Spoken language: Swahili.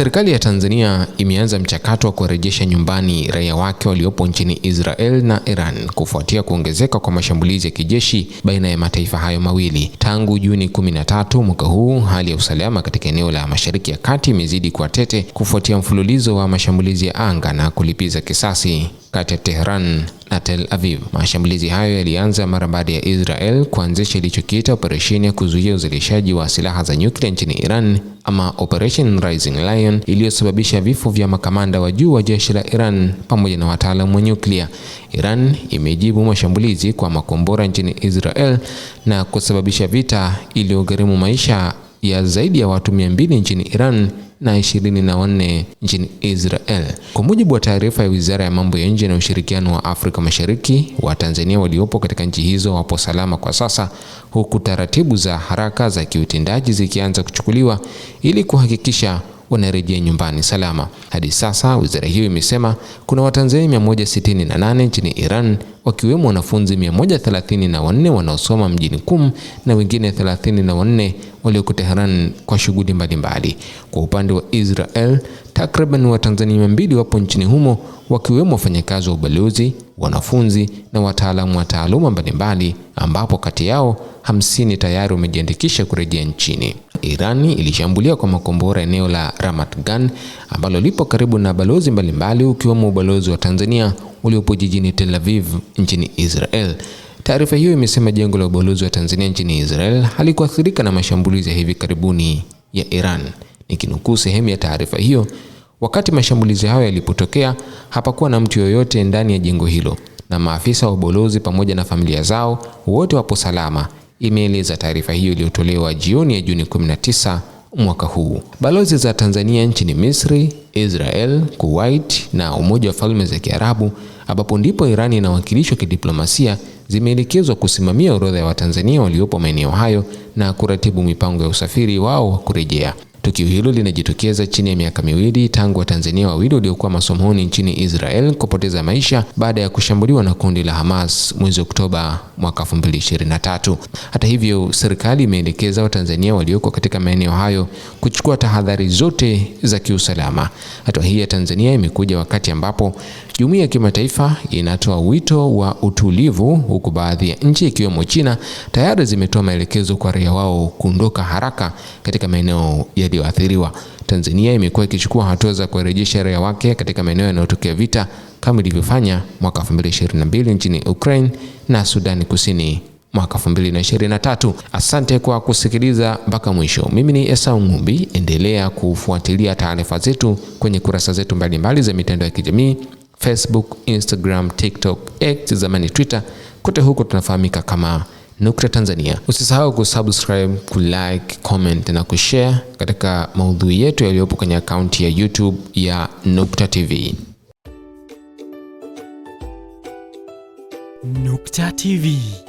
Serikali ya Tanzania imeanza mchakato wa kuwarejesha nyumbani raia wake waliopo nchini Israel na Iran kufuatia kuongezeka kwa mashambulizi ya kijeshi baina ya mataifa hayo mawili. Tangu Juni 13 mwaka huu, hali ya usalama katika eneo la Mashariki ya Kati imezidi kuwa tete kufuatia mfululizo wa mashambulizi ya anga na kulipiza kisasi kati ya Tehran na Tel Aviv. Mashambulizi hayo yalianza mara baada ya Israel kuanzisha ilichokiita operesheni ya kuzuia uzalishaji wa silaha za nyuklia nchini Iran ama Operation Rising Lion iliyosababisha vifo vya makamanda wa juu wa jeshi la Iran pamoja na wataalamu wa nyuklia. Iran imejibu mashambulizi kwa makombora nchini Israel na kusababisha vita iliyogharimu maisha ya zaidi ya watu 200 nchini Iran na ishirini na wanne nchini Israel. Kwa mujibu wa taarifa ya Wizara ya Mambo ya Nje na Ushirikiano wa Afrika Mashariki, Watanzania waliopo katika nchi hizo wapo salama kwa sasa, huku taratibu za haraka za kiutendaji zikianza kuchukuliwa ili kuhakikisha wanarejea nyumbani salama. Hadi sasa wizara hiyo imesema kuna Watanzania 168 nchini Iran wakiwemo wanafunzi 134 wanaosoma mjini Kum na wengine 34 walioko Tehran kwa shughuli mbalimbali. Kwa upande wa Israel, takriban Watanzania 200 wapo nchini humo wakiwemo wafanyakazi wa ubalozi, wanafunzi na wataalamu wa taaluma mbalimbali ambapo kati yao hamsini tayari wamejiandikisha kurejea nchini. Irani ilishambulia kwa makombora eneo la Ramat Gan ambalo lipo karibu na balozi mbalimbali ukiwemo ubalozi wa Tanzania uliopo jijini Tel Aviv nchini Israel. Taarifa hiyo imesema jengo la ubalozi wa Tanzania nchini Israel halikuathirika na mashambulizi ya hivi karibuni ya Iran. Nikinukuu sehemu ya taarifa hiyo, wakati mashambulizi hayo yalipotokea, hapakuwa na mtu yoyote ndani ya jengo hilo na maafisa wa ubalozi pamoja na familia zao wote wapo salama imeeleza taarifa hiyo iliyotolewa jioni ya Juni 19 mwaka huu. Balozi za Tanzania nchini Misri, Israel, Kuwait na Umoja wa Falme za Kiarabu, ambapo ndipo Irani inawakilishwa kidiplomasia, zimeelekezwa kusimamia orodha ya Watanzania waliopo maeneo hayo na kuratibu mipango ya usafiri wao wa kurejea. Tukio hilo linajitokeza chini ya miaka miwili tangu Watanzania wawili waliokuwa masomoni nchini Israel kupoteza maisha baada ya kushambuliwa na kundi la Hamas mwezi Oktoba mwaka 2023. Hata hivyo, serikali imeelekeza Watanzania walioko katika maeneo hayo kuchukua tahadhari zote za kiusalama. Hatua hii ya Tanzania imekuja wakati ambapo jumuiya ya kimataifa inatoa wito wa utulivu, huku baadhi ya nchi ikiwemo China tayari zimetoa maelekezo kwa raia wao kuondoka haraka katika maeneo ya yaliyoathiriwa. Tanzania imekuwa ikichukua hatua za kurejesha raia wake katika maeneo yanayotokea vita kama ilivyofanya mwaka 2022 nchini Ukraine na Sudani Kusini mwaka 2023. Asante kwa kusikiliza mpaka mwisho. Mimi ni Esau Ngumbi. Endelea kufuatilia taarifa zetu kwenye kurasa zetu mbalimbali za mitandao ya kijamii Facebook, Instagram, TikTok, X zamani Twitter. Kote huko tunafahamika kama Nukta Tanzania. Usisahau kusubscribe, kulike, comment na kushare katika maudhui yetu yaliyopo kwenye akaunti ya YouTube ya Nukta TV. Nukta TV.